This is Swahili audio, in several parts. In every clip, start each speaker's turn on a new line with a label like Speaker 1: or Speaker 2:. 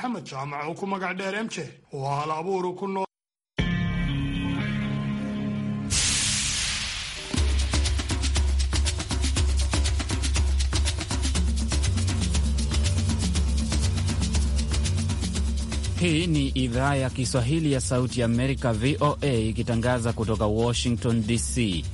Speaker 1: maxamed jaamac uu ku magac dheer mj oo hal abuuru ku nool
Speaker 2: Hii ni idhaa ya Kiswahili ya Sauti ya Amerika, VOA, ikitangaza kutoka Washington DC.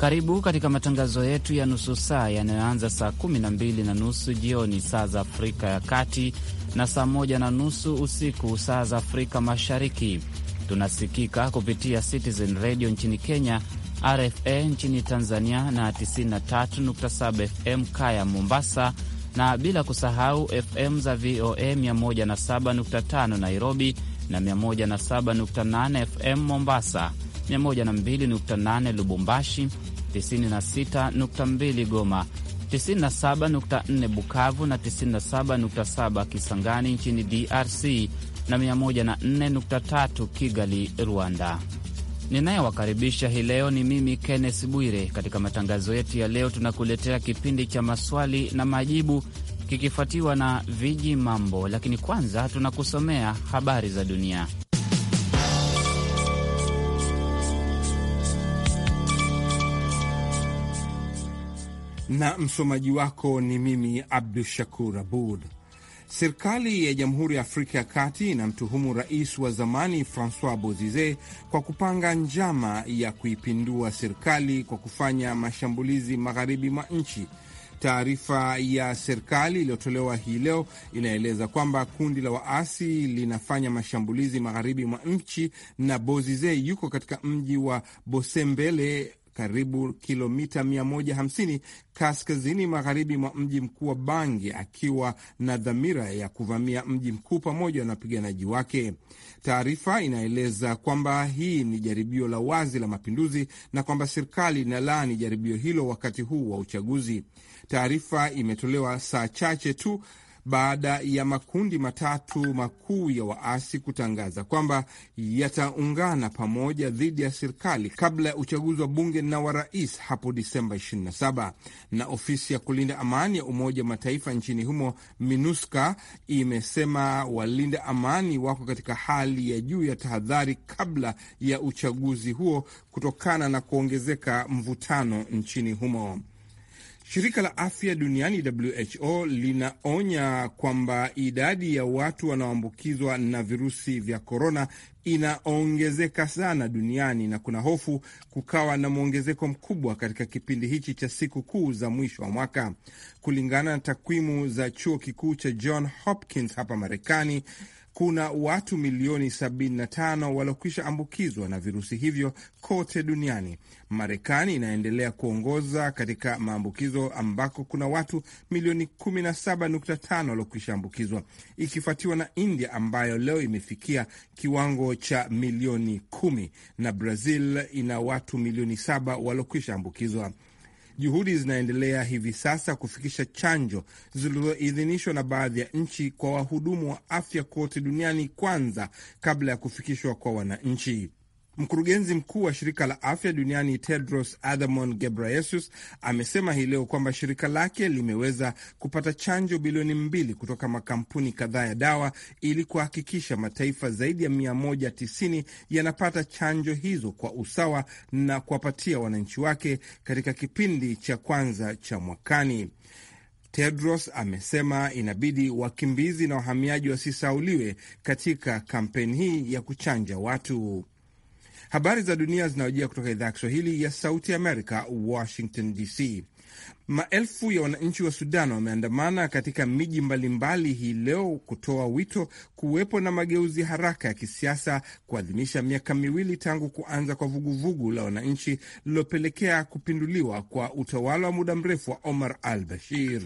Speaker 2: Karibu katika matangazo yetu ya nusu saa yanayoanza saa 12 na nusu jioni saa za Afrika ya Kati na saa moja na nusu usiku saa za Afrika Mashariki. Tunasikika kupitia Citizen Radio nchini Kenya, RFA nchini Tanzania na 93.7 FM Kaya Mombasa, na bila kusahau FM za VOA 107.5 Nairobi na 107.8 FM Mombasa, 102.8 Lubumbashi, 96.2 Goma 97.4 Bukavu na 97.7 Kisangani nchini DRC na 104.3 Kigali, Rwanda. Ninayewakaribisha hii leo ni mimi Kenneth Bwire. Katika matangazo yetu ya leo, tunakuletea kipindi cha maswali na majibu kikifuatiwa na viji mambo, lakini kwanza tunakusomea habari za dunia.
Speaker 3: na msomaji wako ni mimi Abdu Shakur Abud. Serikali ya Jamhuri ya Afrika ya Kati inamtuhumu rais wa zamani Francois Bozize kwa kupanga njama ya kuipindua serikali kwa kufanya mashambulizi magharibi mwa nchi. Taarifa ya serikali iliyotolewa hii leo inaeleza kwamba kundi la waasi linafanya mashambulizi magharibi mwa nchi na Bozize yuko katika mji wa Bosembele karibu kilomita 150 kaskazini magharibi mwa mji mkuu wa Bangi, akiwa na dhamira ya kuvamia mji mkuu pamoja na wapiganaji wake. Taarifa inaeleza kwamba hii ni jaribio la wazi la mapinduzi na kwamba serikali inalaani jaribio hilo wakati huu wa uchaguzi. Taarifa imetolewa saa chache tu baada ya makundi matatu makuu ya waasi kutangaza kwamba yataungana pamoja dhidi ya serikali kabla ya uchaguzi wa bunge na wa rais hapo Disemba 27. Na ofisi ya kulinda amani ya Umoja wa Mataifa nchini humo MINUSCA imesema walinda amani wako katika hali ya juu ya tahadhari kabla ya uchaguzi huo kutokana na kuongezeka mvutano nchini humo. Shirika la afya duniani WHO linaonya kwamba idadi ya watu wanaoambukizwa na virusi vya korona inaongezeka sana duniani na kuna hofu kukawa na mwongezeko mkubwa katika kipindi hichi cha siku kuu za mwisho wa mwaka. Kulingana na takwimu za chuo kikuu cha John Hopkins hapa Marekani, kuna watu milioni 75 waliokwisha ambukizwa na virusi hivyo kote duniani. Marekani inaendelea kuongoza katika maambukizo ambako kuna watu milioni 17.5 waliokwisha ambukizwa, ikifuatiwa na India ambayo leo imefikia kiwango cha milioni kumi na Brazil ina watu milioni 7 waliokwisha ambukizwa. Juhudi zinaendelea hivi sasa kufikisha chanjo zilizoidhinishwa na baadhi ya nchi kwa wahudumu wa afya kote duniani kwanza kabla ya kufikishwa kwa wananchi. Mkurugenzi mkuu wa shirika la afya duniani Tedros Adhanom Ghebreyesus amesema hii leo kwamba shirika lake limeweza kupata chanjo bilioni mbili kutoka makampuni kadhaa ya dawa ili kuhakikisha mataifa zaidi ya 190 yanapata chanjo hizo kwa usawa na kuwapatia wananchi wake katika kipindi cha kwanza cha mwakani. Tedros amesema inabidi wakimbizi na wahamiaji wasisauliwe katika kampeni hii ya kuchanja watu. Habari za dunia zinaojia kutoka idhaa ya Kiswahili ya Sauti Amerika, Washington DC. Maelfu ya wananchi wa Sudan wameandamana katika miji mbalimbali hii leo kutoa wito kuwepo na mageuzi haraka ya kisiasa kuadhimisha miaka miwili tangu kuanza kwa vuguvugu la wananchi lililopelekea kupinduliwa kwa utawala wa muda mrefu wa Omar al Bashir.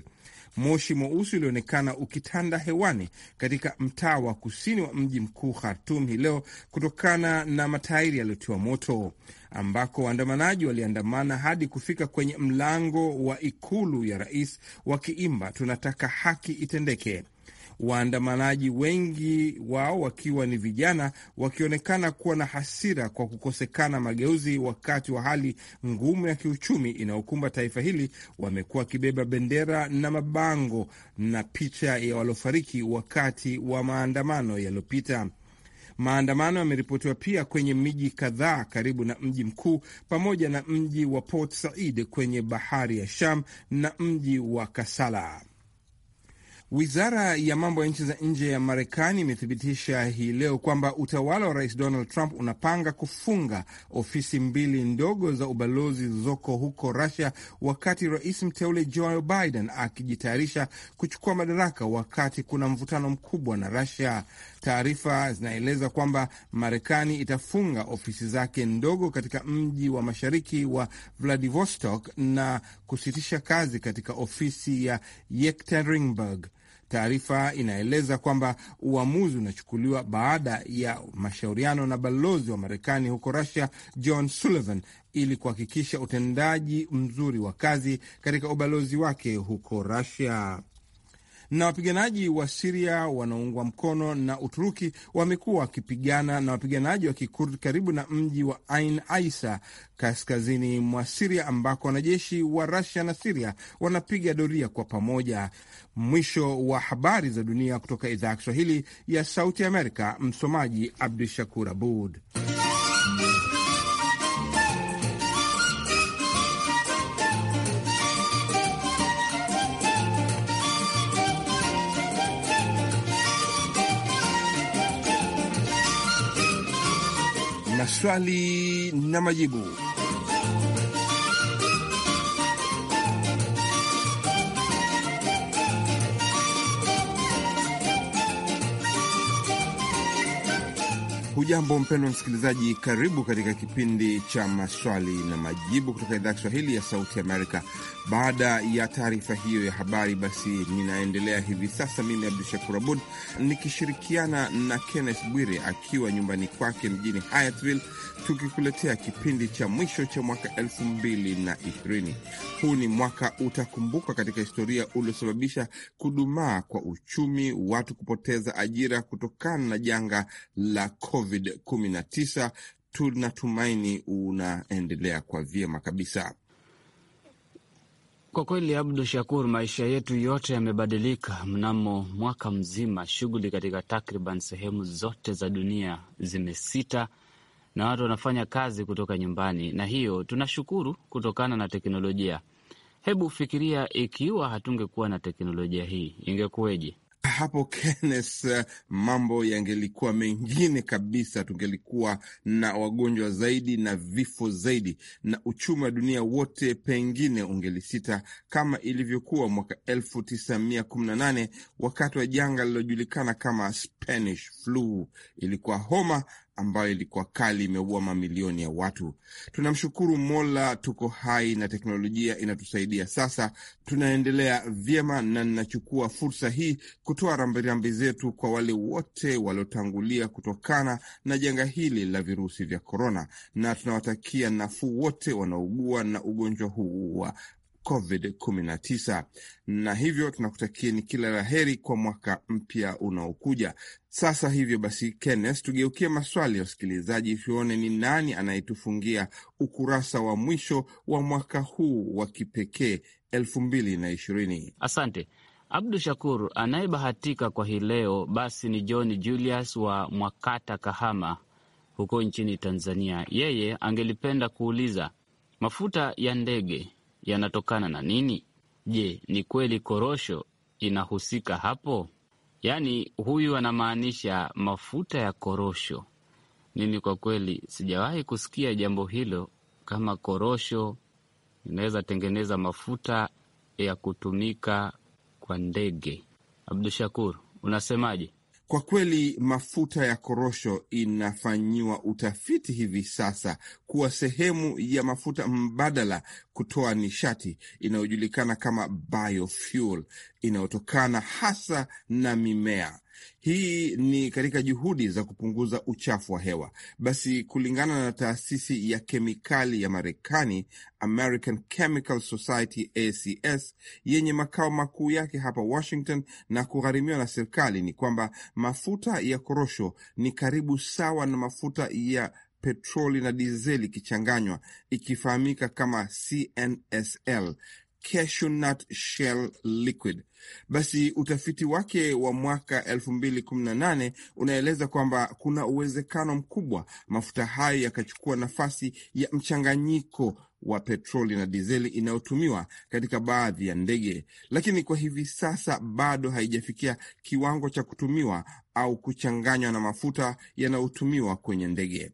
Speaker 3: Moshi mweusi ulionekana ukitanda hewani katika mtaa wa kusini wa mji mkuu Khartum hii leo kutokana na matairi yaliyotiwa moto, ambako waandamanaji waliandamana hadi kufika kwenye mlango wa ikulu ya rais wakiimba tunataka haki itendeke waandamanaji, wengi wao wakiwa ni vijana, wakionekana kuwa na hasira kwa kukosekana mageuzi wakati wa hali ngumu ya kiuchumi inayokumba taifa hili. Wamekuwa wakibeba bendera na mabango na picha ya waliofariki wakati wa maandamano yaliyopita. Maandamano yameripotiwa pia kwenye miji kadhaa karibu na mji mkuu pamoja na mji wa Port Said kwenye bahari ya Sham na mji wa Kasala. Wizara ya mambo ya nchi za nje ya Marekani imethibitisha hii leo kwamba utawala wa rais Donald Trump unapanga kufunga ofisi mbili ndogo za ubalozi zilizoko huko Rusia, wakati rais mteule Joe Biden akijitayarisha kuchukua madaraka, wakati kuna mvutano mkubwa na Rusia. Taarifa zinaeleza kwamba Marekani itafunga ofisi zake ndogo katika mji wa mashariki wa Vladivostok na kusitisha kazi katika ofisi ya Yekaterinburg. Taarifa inaeleza kwamba uamuzi unachukuliwa baada ya mashauriano na balozi wa Marekani huko Rusia, John Sullivan, ili kuhakikisha utendaji mzuri wa kazi katika ubalozi wake huko Rusia na wapiganaji wa Siria wanaoungwa mkono na Uturuki wamekuwa wakipigana na wapiganaji wa Kikurd karibu na mji wa Ain Aisa kaskazini mwa Siria, ambako wanajeshi wa Rasia na Siria wanapiga doria kwa pamoja. Mwisho wa habari za dunia kutoka idhaa ya Kiswahili ya Sauti Amerika. Msomaji Abdu Shakur Abud. swali na majibu. Hujambo mpendwa msikilizaji, karibu katika kipindi cha maswali na majibu kutoka idhaa ya Kiswahili ya Sauti Amerika. Baada ya taarifa hiyo ya habari, basi ninaendelea hivi sasa, mimi Abdu Shakur Abud nikishirikiana na Kenneth Bwire akiwa nyumbani kwake mjini Hyattville, tukikuletea kipindi cha mwisho cha mwaka 2020. Huu ni mwaka utakumbuka katika historia uliosababisha kudumaa kwa uchumi, watu kupoteza ajira kutokana na janga la COVID-19. Tunatumaini unaendelea kwa vyema kabisa. Kwa kweli, Abdu Shakur,
Speaker 2: maisha yetu yote yamebadilika mnamo mwaka mzima. Shughuli katika takriban sehemu zote za dunia zimesita na watu wanafanya kazi kutoka nyumbani, na hiyo tunashukuru kutokana na teknolojia. Hebu fikiria ikiwa
Speaker 3: hatungekuwa na teknolojia hii ingekuweje? hapo Kenneth, mambo yangelikuwa mengine kabisa, tungelikuwa na wagonjwa zaidi na vifo zaidi, na uchumi wa dunia wote pengine ungelisita kama ilivyokuwa mwaka 1918 wakati wa janga lililojulikana kama Spanish flu. Ilikuwa homa ambayo ilikuwa kali imeua mamilioni ya watu. Tunamshukuru Mola, tuko hai na teknolojia inatusaidia sasa, tunaendelea vyema, na ninachukua fursa hii kutoa rambirambi zetu kwa wale wote waliotangulia kutokana na janga hili la virusi vya korona, na tunawatakia nafuu wote wanaougua na ugonjwa huu wa COVID-19. Na hivyo tunakutakieni kila la heri kwa mwaka mpya unaokuja. Sasa hivyo basi, Kenneth, tugeukie maswali ya wasikilizaji, tuone ni nani anayetufungia ukurasa wa mwisho wa mwaka huu wa kipekee elfu mbili na
Speaker 2: ishirini. Asante Abdu Shakur. Anayebahatika kwa hii leo basi ni John Julius wa Mwakata, Kahama huko nchini Tanzania. Yeye angelipenda kuuliza mafuta ya ndege yanatokana na nini? Je, ni kweli korosho inahusika hapo? Yaani huyu anamaanisha mafuta ya korosho mimi Kwa kweli sijawahi kusikia jambo hilo, kama korosho inaweza tengeneza mafuta ya
Speaker 3: kutumika kwa ndege. Abdu Shakur, unasemaje? Kwa kweli mafuta ya korosho inafanyiwa utafiti hivi sasa kuwa sehemu ya mafuta mbadala kutoa nishati inayojulikana kama biofuel inayotokana hasa na mimea. Hii ni katika juhudi za kupunguza uchafu wa hewa. Basi kulingana na taasisi ya kemikali ya Marekani, American Chemical Society ACS, yenye makao makuu yake hapa Washington na kugharimiwa na serikali, ni kwamba mafuta ya korosho ni karibu sawa na mafuta ya petroli na dizeli ikichanganywa, ikifahamika kama CNSL cashew nut shell liquid. Basi utafiti wake wa mwaka elfu unaeleza kwamba kuna uwezekano mkubwa mafuta hayo yakachukua nafasi ya mchanganyiko wa petroli na dizeli inayotumiwa katika baadhi ya ndege, lakini kwa hivi sasa bado haijafikia kiwango cha kutumiwa au kuchanganywa na mafuta yanayotumiwa kwenye ndege.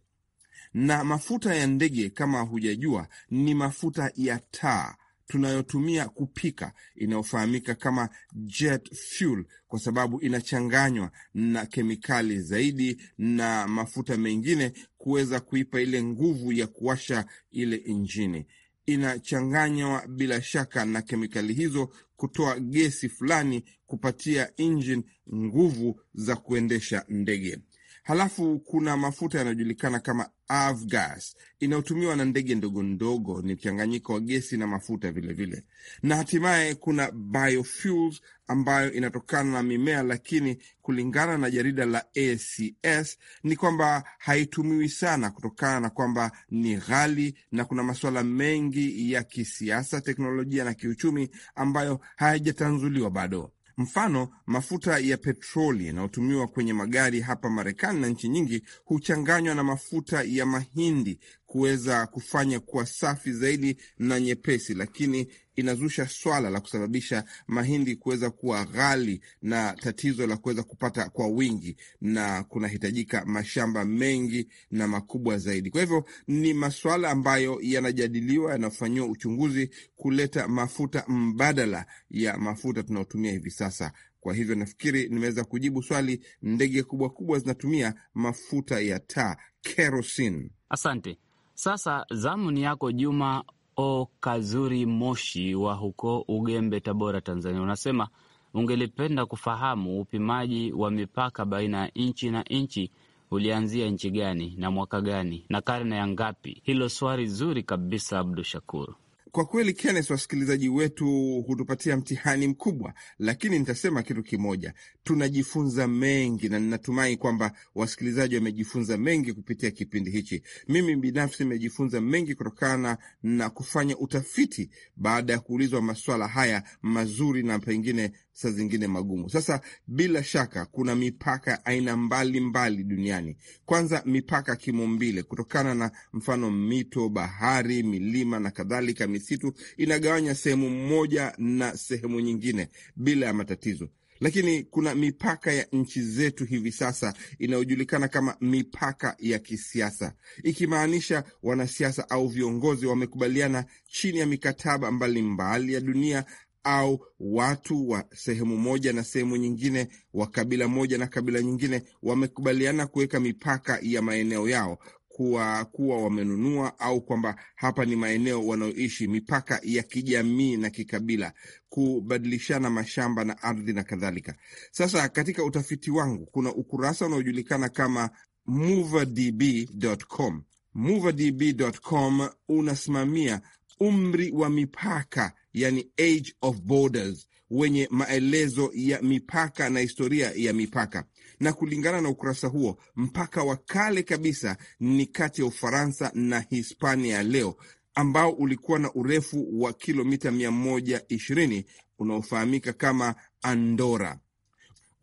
Speaker 3: Na mafuta ya ndege, kama hujajua, ni mafuta ya taa tunayotumia kupika inayofahamika kama jet fuel, kwa sababu inachanganywa na kemikali zaidi na mafuta mengine kuweza kuipa ile nguvu ya kuwasha ile injini. Inachanganywa bila shaka na kemikali hizo kutoa gesi fulani kupatia injini nguvu za kuendesha ndege. Halafu kuna mafuta yanayojulikana kama avgas inayotumiwa na ndege ndogo ndogo, ni mchanganyiko wa gesi na mafuta vilevile vile. Na hatimaye kuna biofuels ambayo inatokana na mimea, lakini kulingana na jarida la ACS ni kwamba haitumiwi sana kutokana na kwamba ni ghali na kuna masuala mengi ya kisiasa, teknolojia na kiuchumi ambayo hayajatanzuliwa bado. Mfano, mafuta ya petroli yanayotumiwa kwenye magari hapa Marekani na nchi nyingi huchanganywa na mafuta ya mahindi kuweza kufanya kuwa safi zaidi na nyepesi, lakini inazusha swala la kusababisha mahindi kuweza kuwa ghali na tatizo la kuweza kupata kwa wingi, na kunahitajika mashamba mengi na makubwa zaidi. Kwa hivyo ni masuala ambayo yanajadiliwa, yanafanyiwa uchunguzi kuleta mafuta mbadala ya mafuta tunayotumia hivi sasa. Kwa hivyo nafikiri nimeweza kujibu swali. Ndege kubwa kubwa zinatumia mafuta ya taa kerosene.
Speaker 2: Asante. Sasa zamu ni yako Juma O Kazuri Moshi wa huko Ugembe, Tabora, Tanzania. Unasema ungelipenda kufahamu upimaji wa mipaka baina ya nchi na nchi ulianzia nchi gani na mwaka gani na karne ya ngapi? Hilo swali zuri kabisa, Abdu Shakur.
Speaker 3: Kwa kweli Kenneth, wasikilizaji wetu hutupatia mtihani mkubwa, lakini nitasema kitu kimoja, tunajifunza mengi, na ninatumai kwamba wasikilizaji wamejifunza mengi kupitia kipindi hichi. Mimi binafsi nimejifunza mengi kutokana na kufanya utafiti baada ya kuulizwa maswala haya mazuri na pengine saa zingine magumu. Sasa bila shaka kuna mipaka aina mbalimbali duniani. Kwanza mipaka kimombile kutokana na mfano mito, bahari, milima na kadhalika misitu inagawanya sehemu moja na sehemu nyingine bila ya matatizo, lakini kuna mipaka ya nchi zetu hivi sasa inayojulikana kama mipaka ya kisiasa, ikimaanisha wanasiasa au viongozi wamekubaliana chini ya mikataba mbalimbali ya dunia au watu wa sehemu moja na sehemu nyingine wa kabila moja na kabila nyingine wamekubaliana kuweka mipaka ya maeneo yao kuwa kuwa wamenunua au kwamba hapa ni maeneo wanaoishi, mipaka ya kijamii na kikabila, kubadilishana mashamba na ardhi na kadhalika. Sasa katika utafiti wangu kuna ukurasa unaojulikana kama moverdb.com. Moverdb.com unasimamia umri wa mipaka, yani age of borders, wenye maelezo ya mipaka na historia ya mipaka na kulingana na ukurasa huo, mpaka wa kale kabisa ni kati ya Ufaransa na Hispania leo ambao ulikuwa na urefu wa kilomita 120 unaofahamika kama Andora,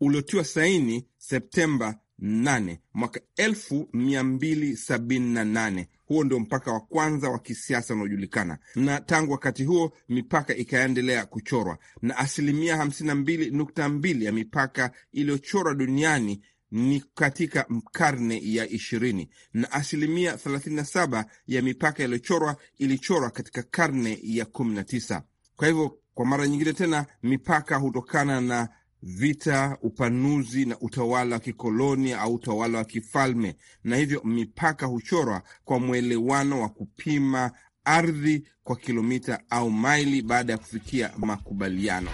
Speaker 3: uliotiwa saini Septemba 8 mwaka 1278. Huo ndio mpaka wa kwanza wa kisiasa unaojulikana, na tangu wakati huo mipaka ikaendelea kuchorwa, na asilimia 52.2 ya mipaka iliyochorwa duniani ni katika karne ya ishirini na asilimia 37 ya mipaka iliyochorwa ilichorwa katika karne ya 19. Kwa hivyo kwa mara nyingine tena mipaka hutokana na vita, upanuzi na utawala wa kikoloni au utawala wa kifalme, na hivyo mipaka huchorwa kwa mwelewano wa kupima ardhi kwa kilomita au maili baada ya kufikia makubaliano.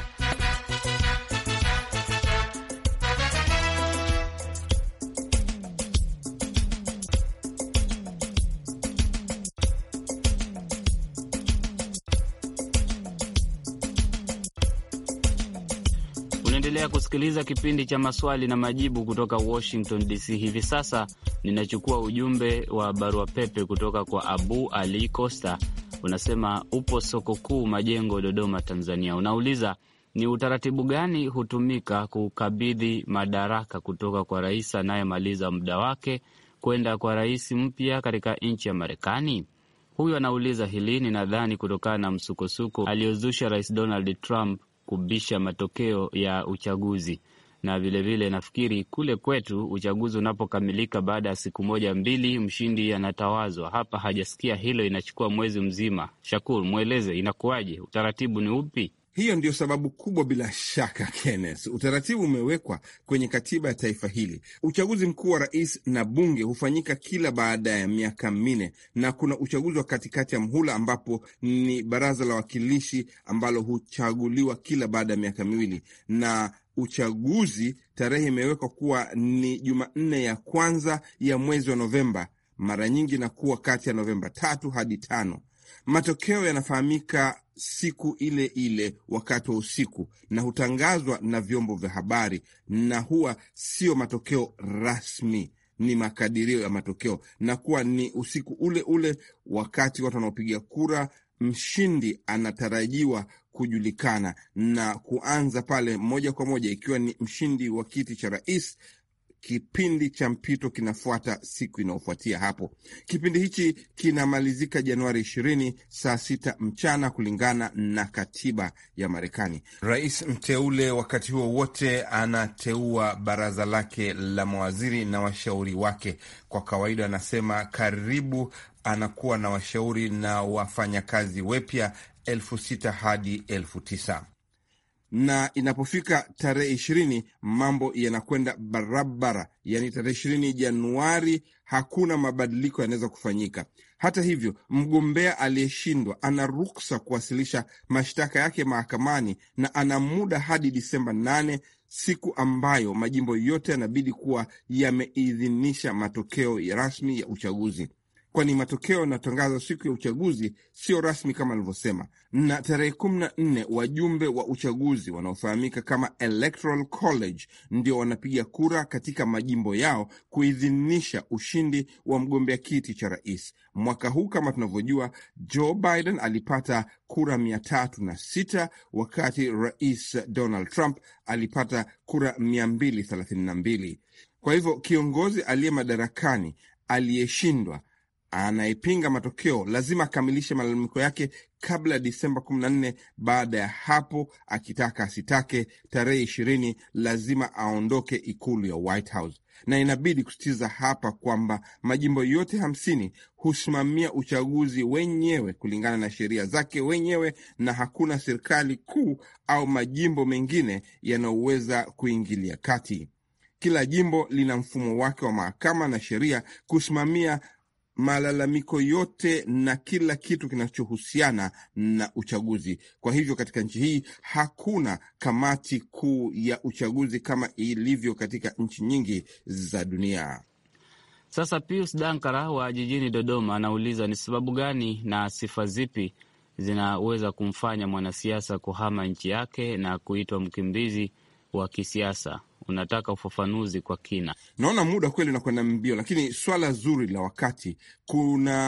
Speaker 2: unasikiliza kipindi cha maswali na majibu kutoka Washington DC. Hivi sasa ninachukua ujumbe wa barua pepe kutoka kwa Abu Ali Costa. Unasema upo soko kuu Majengo, Dodoma, Tanzania. Unauliza ni utaratibu gani hutumika kukabidhi madaraka kutoka kwa rais anayemaliza muda wake kwenda kwa rais mpya katika nchi ya Marekani? Huyu anauliza hili, ninadhani kutokana na msukosuko aliozusha rais Donald Trump kubisha matokeo ya uchaguzi na vilevile nafikiri kule kwetu uchaguzi unapokamilika baada ya siku moja mbili, mshindi anatawazwa. Hapa hajasikia hilo, inachukua mwezi mzima. shakur mweleze inakuwaje, utaratibu ni upi?
Speaker 3: Hiyo ndiyo sababu kubwa, bila shaka Kenneth. Utaratibu umewekwa kwenye katiba ya taifa hili. Uchaguzi mkuu wa rais na bunge hufanyika kila baada ya miaka minne, na kuna uchaguzi wa katikati ya mhula ambapo ni baraza la wawakilishi ambalo huchaguliwa kila baada ya miaka miwili na uchaguzi tarehe imewekwa kuwa ni Jumanne ya kwanza ya mwezi wa Novemba, mara nyingi inakuwa kati ya Novemba tatu hadi tano. Matokeo yanafahamika siku ile ile wakati wa usiku na hutangazwa na vyombo vya habari, na huwa sio matokeo rasmi, ni makadirio ya matokeo, na kuwa ni usiku ule ule wakati watu wanaopiga kura, mshindi anatarajiwa kujulikana na kuanza pale moja kwa moja, ikiwa ni mshindi wa kiti cha rais kipindi cha mpito kinafuata siku inayofuatia hapo. Kipindi hichi kinamalizika Januari 20 saa sita mchana kulingana na katiba ya Marekani. Rais mteule wakati huo wote anateua baraza lake la mawaziri na washauri wake. Kwa kawaida anasema karibu anakuwa na washauri na wafanyakazi wepya elfu sita hadi elfu tisa na inapofika tarehe ishirini mambo yanakwenda barabara. Yaani tarehe ishirini Januari hakuna mabadiliko yanaweza kufanyika. Hata hivyo, mgombea aliyeshindwa ana ruksa kuwasilisha mashtaka yake mahakamani na ana muda hadi Disemba nane, siku ambayo majimbo yote yanabidi kuwa yameidhinisha matokeo rasmi ya uchaguzi kwani matokeo yanatangazwa siku ya uchaguzi sio rasmi kama alivyosema. Na tarehe kumi na nne wajumbe wa uchaguzi wanaofahamika kama Electoral College ndio wanapiga kura katika majimbo yao kuidhinisha ushindi wa mgombea kiti cha rais. Mwaka huu kama tunavyojua, Joe Biden alipata kura mia tatu na sita wakati rais Donald Trump alipata kura mia mbili thelathini na mbili. Kwa hivyo kiongozi aliye madarakani aliyeshindwa anayepinga matokeo lazima akamilishe malalamiko yake kabla ya Disemba 14. Baada ya hapo, akitaka asitake, tarehe ishirini lazima aondoke ikulu ya White House, na inabidi kusitiza hapa kwamba majimbo yote hamsini husimamia uchaguzi wenyewe kulingana na sheria zake wenyewe, na hakuna serikali kuu au majimbo mengine yanayoweza kuingilia kati. Kila jimbo lina mfumo wake wa mahakama na sheria kusimamia malalamiko yote na kila kitu kinachohusiana na uchaguzi. Kwa hivyo katika nchi hii hakuna kamati kuu ya uchaguzi kama ilivyo katika nchi nyingi za dunia.
Speaker 2: Sasa Pius Dankara wa jijini Dodoma anauliza ni sababu gani na sifa zipi zinaweza kumfanya mwanasiasa kuhama nchi yake na kuitwa mkimbizi wa kisiasa? unataka ufafanuzi kwa kina.
Speaker 3: Naona muda kweli unakwenda mbio, lakini swala zuri la wakati. Kuna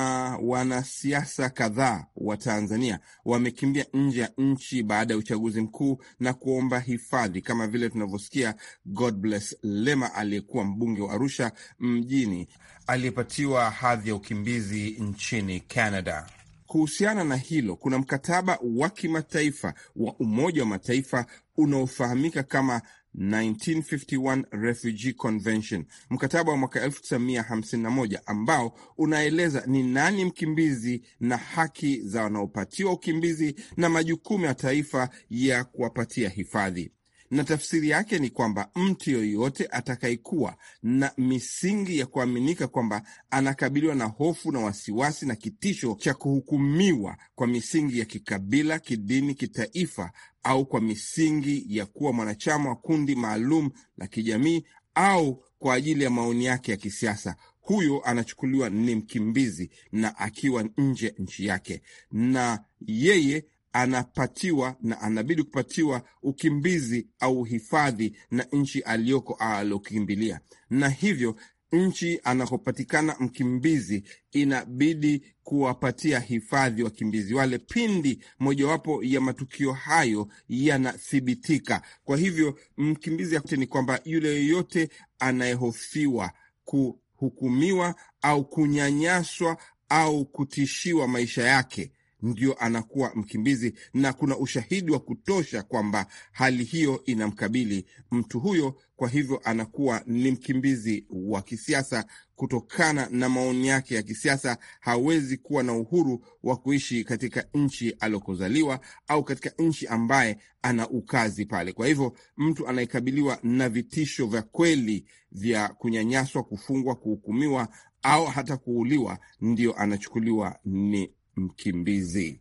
Speaker 3: wanasiasa kadhaa wa Tanzania wamekimbia nje ya nchi baada ya uchaguzi mkuu na kuomba hifadhi, kama vile tunavyosikia Godbless Lema aliyekuwa mbunge wa Arusha mjini aliyepatiwa hadhi ya ukimbizi nchini Canada. Kuhusiana na hilo, kuna mkataba wa kimataifa wa Umoja wa Mataifa unaofahamika kama 1951 Refugee Convention, mkataba wa mwaka 1951 ambao unaeleza ni nani mkimbizi na haki za wanaopatiwa ukimbizi na majukumu ya taifa ya kuwapatia hifadhi na tafsiri yake ni kwamba mtu yoyote atakayekuwa na misingi ya kuaminika kwamba anakabiliwa na hofu na wasiwasi na kitisho cha kuhukumiwa kwa misingi ya kikabila, kidini, kitaifa au kwa misingi ya kuwa mwanachama wa kundi maalum la kijamii au kwa ajili ya maoni yake ya kisiasa, huyo anachukuliwa ni mkimbizi na akiwa nje nchi yake na yeye anapatiwa na anabidi kupatiwa ukimbizi au hifadhi na nchi aliyoko alokimbilia, na hivyo nchi anakopatikana mkimbizi inabidi kuwapatia hifadhi wakimbizi wale pindi mojawapo ya matukio hayo yanathibitika. Kwa hivyo mkimbizi yote ni kwamba yule yeyote anayehofiwa kuhukumiwa au kunyanyaswa au kutishiwa maisha yake ndio anakuwa mkimbizi, na kuna ushahidi wa kutosha kwamba hali hiyo inamkabili mtu huyo. Kwa hivyo anakuwa ni mkimbizi wa kisiasa kutokana na maoni yake ya kisiasa. Hawezi kuwa na uhuru wa kuishi katika nchi aliyokozaliwa au katika nchi ambaye ana ukazi pale. Kwa hivyo mtu anayekabiliwa na vitisho vya kweli vya kunyanyaswa, kufungwa, kuhukumiwa au hata kuuliwa, ndio anachukuliwa ni mkimbizi.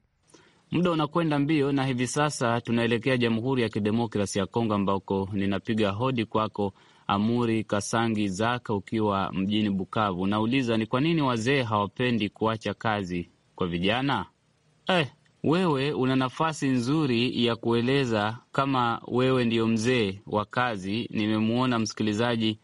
Speaker 2: Muda unakwenda mbio, na hivi sasa tunaelekea Jamhuri ya Kidemokrasi ya Kongo ambako ninapiga hodi kwako Amuri Kasangi Zaka, ukiwa mjini Bukavu. Unauliza, ni kwa nini wazee hawapendi kuacha kazi kwa vijana? Eh, wewe una nafasi nzuri ya kueleza kama wewe ndiyo mzee wa kazi. Nimemwona msikilizaji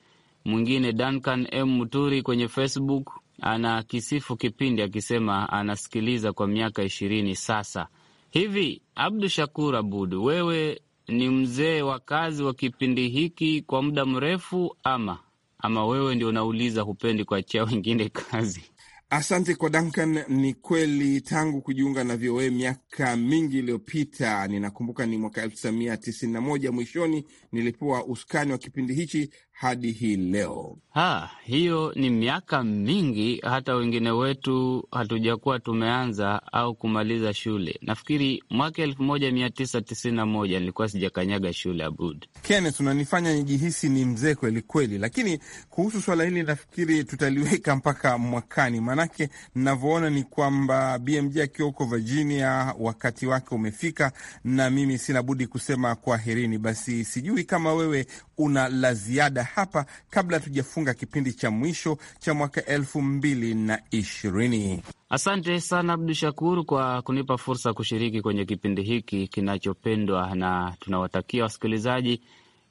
Speaker 2: mwingine Duncan M Muturi kwenye Facebook ana kisifu kipindi akisema anasikiliza kwa miaka ishirini sasa hivi. Abdu Shakur Abud, wewe ni mzee wa kazi wa kipindi hiki kwa muda mrefu, ama ama wewe ndio unauliza, hupendi kuachia wengine kazi?
Speaker 3: Asante kwa Duncan. Ni kweli tangu kujiunga na VOA miaka mingi iliyopita, ninakumbuka ni mwaka 1991 mwishoni, nilipewa usukani wa kipindi hichi hadi hii leo.
Speaker 2: Ha, hiyo ni miaka mingi, hata wengine wetu hatujakuwa tumeanza au kumaliza shule. Nafikiri mwaka elfu moja mia tisa tisini na moja nilikuwa sijakanyaga shule. Abud
Speaker 3: Kenneth, unanifanya nijihisi ni mzee kweli kweli, lakini kuhusu swala hili nafikiri tutaliweka mpaka mwakani, maanake navyoona ni kwamba BMJ akiwa huko Virginia wakati wake umefika, na mimi sina budi kusema kwaherini. Basi sijui kama wewe una la ziada hapa kabla hatujafunga kipindi cha mwisho cha mwaka elfu mbili na ishirini.
Speaker 2: Asante sana Abdu Shakur kwa kunipa fursa kushiriki kwenye kipindi hiki kinachopendwa, na tunawatakia wasikilizaji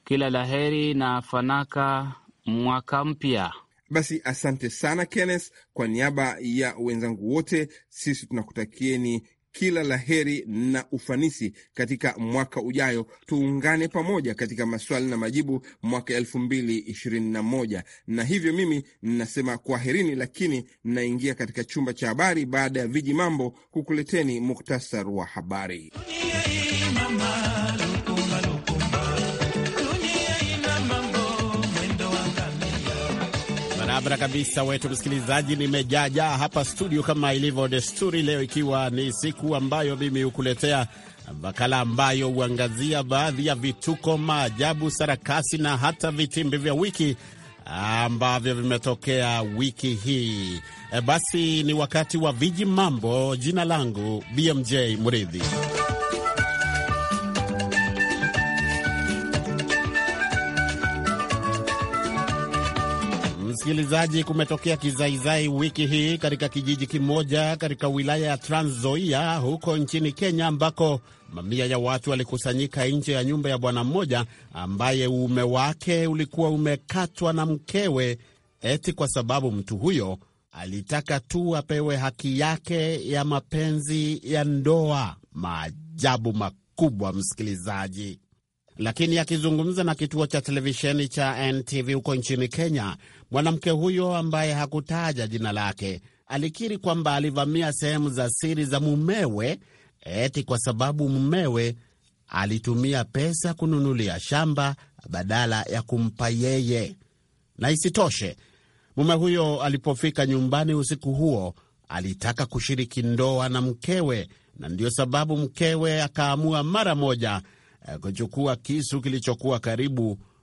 Speaker 2: kila la heri na fanaka mwaka mpya.
Speaker 3: Basi asante sana Kenneth, kwa niaba ya wenzangu wote, sisi tunakutakieni kila la heri na ufanisi katika mwaka ujayo. Tuungane pamoja katika maswali na majibu mwaka elfu mbili ishirini na moja. Na hivyo mimi ninasema kwaherini, lakini ninaingia katika chumba cha habari baada ya viji mambo kukuleteni muktasar wa habari.
Speaker 1: Barabara kabisa, wetu msikilizaji, nimejaajaa hapa studio kama ilivyo desturi, leo ikiwa ni siku ambayo mimi hukuletea makala ambayo huangazia baadhi ya vituko, maajabu, sarakasi na hata vitimbi vya wiki ambavyo vimetokea wiki hii. E, basi ni wakati wa viji mambo. Jina langu BMJ mridhi msikilizaji, kumetokea kizaizai wiki hii katika kijiji kimoja katika wilaya ya Trans Nzoia huko nchini Kenya, ambako mamia ya watu walikusanyika nje ya nyumba ya bwana mmoja ambaye uume wake ulikuwa umekatwa na mkewe, eti kwa sababu mtu huyo alitaka tu apewe haki yake ya mapenzi ya ndoa. Maajabu makubwa, msikilizaji. Lakini akizungumza na kituo cha televisheni cha NTV huko nchini Kenya, Mwanamke huyo ambaye hakutaja jina lake alikiri kwamba alivamia sehemu za siri za mumewe eti kwa sababu mumewe alitumia pesa kununulia shamba badala ya kumpa yeye. Na isitoshe, mume huyo alipofika nyumbani usiku huo alitaka kushiriki ndoa na mkewe, na ndiyo sababu mkewe akaamua mara moja eh, kuchukua kisu kilichokuwa karibu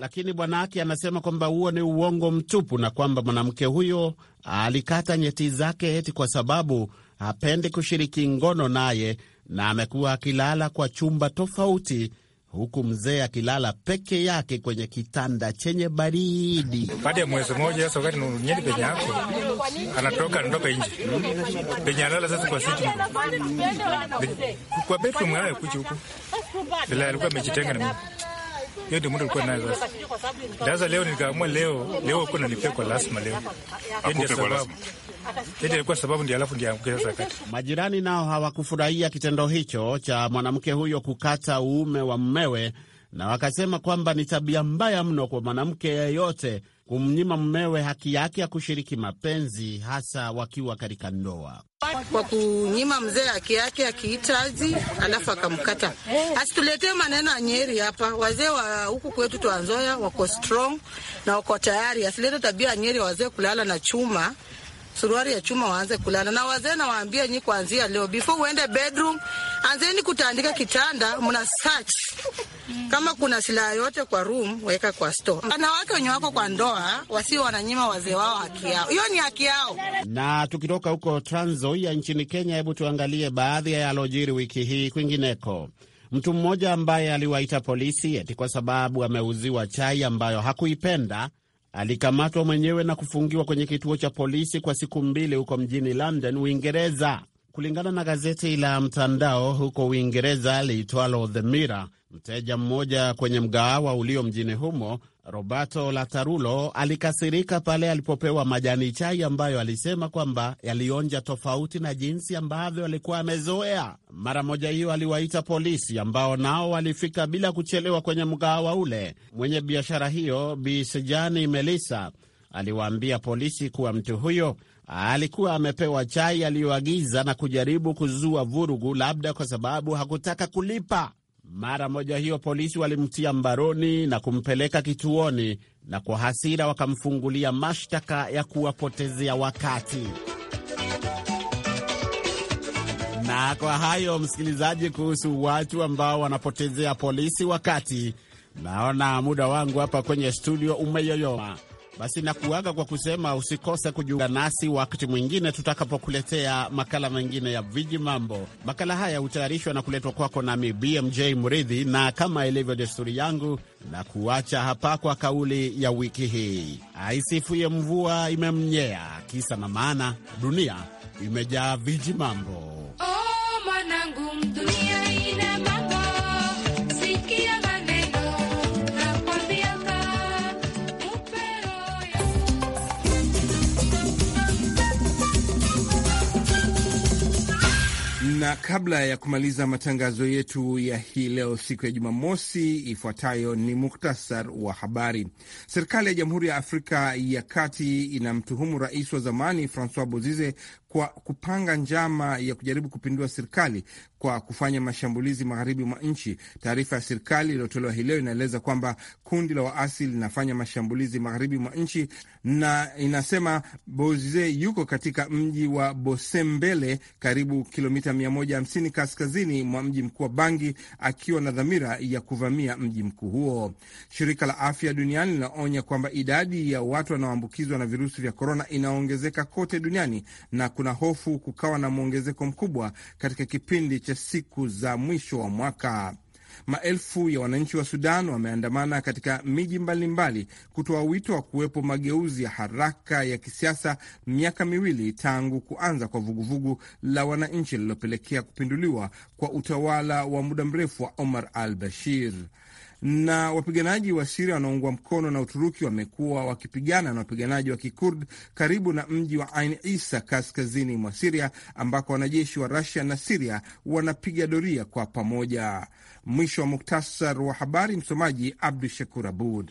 Speaker 1: Lakini bwanake anasema kwamba huo ni uongo mtupu na kwamba mwanamke huyo alikata nyeti zake eti kwa sababu hapendi kushiriki ngono naye, na amekuwa akilala kwa chumba tofauti huku mzee akilala peke yake kwenye kitanda chenye baridi. Baada ya mwezi mmoja sasa, wakati nyeli penye yako
Speaker 2: anatoka anatoka nje penye alala sasa, kwa siti
Speaker 3: kwa bedroom yake kuchi huko,
Speaker 1: bila alikuwa amejitenga na mimi
Speaker 3: hiyo ndio muda ulikuwa nayo sasa. Sasa leo nikaamua leo leo kuna nipia kwa lazima leo. Ndio sababu. Ndio ilikuwa sababu ndio alafu ndio amke sasa
Speaker 1: Majirani nao hawakufurahia kitendo hicho cha mwanamke huyo kukata uume wa mmewe na wakasema kwamba ni tabia mbaya mno kwa mwanamke yeyote kumnyima mmewe haki yake ya kushiriki mapenzi, hasa wakiwa katika ndoa
Speaker 2: kwa kunyima mzee haki yake akihitaji,
Speaker 1: alafu akamkata.
Speaker 2: Asituletee maneno anyeri hapa. Wazee wa huku kwetu Twanzoya wako strong na wako tayari. Asilete tabia anyeri, wazee kulala na chuma suruari ya chuma waanze kulala. Na wazee nawaambia nyi, kuanzia leo, before uende bedroom, anzeni kutandika kitanda, mna search kama kuna silaha yote kwa room, weka kwa store. Wanawake wenye wako kwa ndoa wasio wananyima wazee wao haki yao, hiyo ni haki yao.
Speaker 1: Na tukitoka huko Trans Nzoia nchini Kenya, hebu tuangalie baadhi ya yalojiri wiki hii kwingineko. Mtu mmoja ambaye aliwaita polisi eti kwa sababu ameuziwa chai ambayo hakuipenda alikamatwa mwenyewe na kufungiwa kwenye kituo cha polisi kwa siku mbili huko mjini London, Uingereza. Kulingana na gazeti la mtandao huko Uingereza liitwalo The Mirror, mteja mmoja kwenye mgahawa ulio mjini humo, Roberto Latarulo, alikasirika pale alipopewa majani chai ambayo alisema kwamba yalionja tofauti na jinsi ambavyo alikuwa amezoea. Mara moja hiyo aliwaita polisi ambao nao walifika bila kuchelewa kwenye mgahawa ule. Mwenye biashara hiyo Bi Sejani Melissa aliwaambia polisi kuwa mtu huyo alikuwa amepewa chai aliyoagiza na kujaribu kuzua vurugu, labda kwa sababu hakutaka kulipa. Mara moja hiyo polisi walimtia mbaroni na kumpeleka kituoni, na kwa hasira wakamfungulia mashtaka ya kuwapotezea wakati. Na kwa hayo, msikilizaji, kuhusu watu ambao wanapotezea polisi wakati, naona muda wangu hapa kwenye studio umeyoyoma. Basi nakuaga kwa kusema usikose kujiunga nasi wakati mwingine tutakapokuletea makala mengine ya viji mambo. Makala haya hutayarishwa na kuletwa kwako nami BMJ Mridhi, na kama ilivyo desturi yangu, na kuacha hapa kwa kauli ya wiki hii, aisifuye mvua imemnyea. Kisa na maana, dunia imejaa viji mambo.
Speaker 3: na kabla ya kumaliza matangazo yetu ya hii leo siku ya Jumamosi, ifuatayo ni muktasar wa habari. Serikali ya Jamhuri ya Afrika ya Kati inamtuhumu rais wa zamani Francois Bozize kwa kupanga njama ya kujaribu kupindua serikali kwa kufanya mashambulizi magharibi mwa nchi. Taarifa ya serikali iliyotolewa hii leo inaeleza kwamba kundi la waasi linafanya mashambulizi magharibi mwa nchi na inasema Boze yuko katika mji wa Bosembele, karibu kilomita 150 kaskazini mwa mji mkuu wa Bangi, akiwa na dhamira ya kuvamia mji mkuu huo. Shirika la Afya Duniani linaonya kwamba idadi ya watu wanaoambukizwa na virusi vya korona inaongezeka kote duniani na kuna hofu kukawa na mwongezeko mkubwa katika kipindi cha siku za mwisho wa mwaka. Maelfu ya wananchi wa Sudan wameandamana katika miji mbalimbali kutoa wito wa kuwepo mageuzi ya haraka ya kisiasa, miaka miwili tangu kuanza kwa vuguvugu la wananchi lililopelekea kupinduliwa kwa utawala wa muda mrefu wa Omar al Bashir na wapiganaji wa Siria wanaoungwa mkono na Uturuki wamekuwa wakipigana na wapiganaji wa Kikurd karibu na mji wa Ain Isa kaskazini mwa Siria, ambako wanajeshi wa Rasia na Siria wanapiga doria kwa pamoja. Mwisho wa muktasar wa habari. Msomaji Abdu Shakur Abud.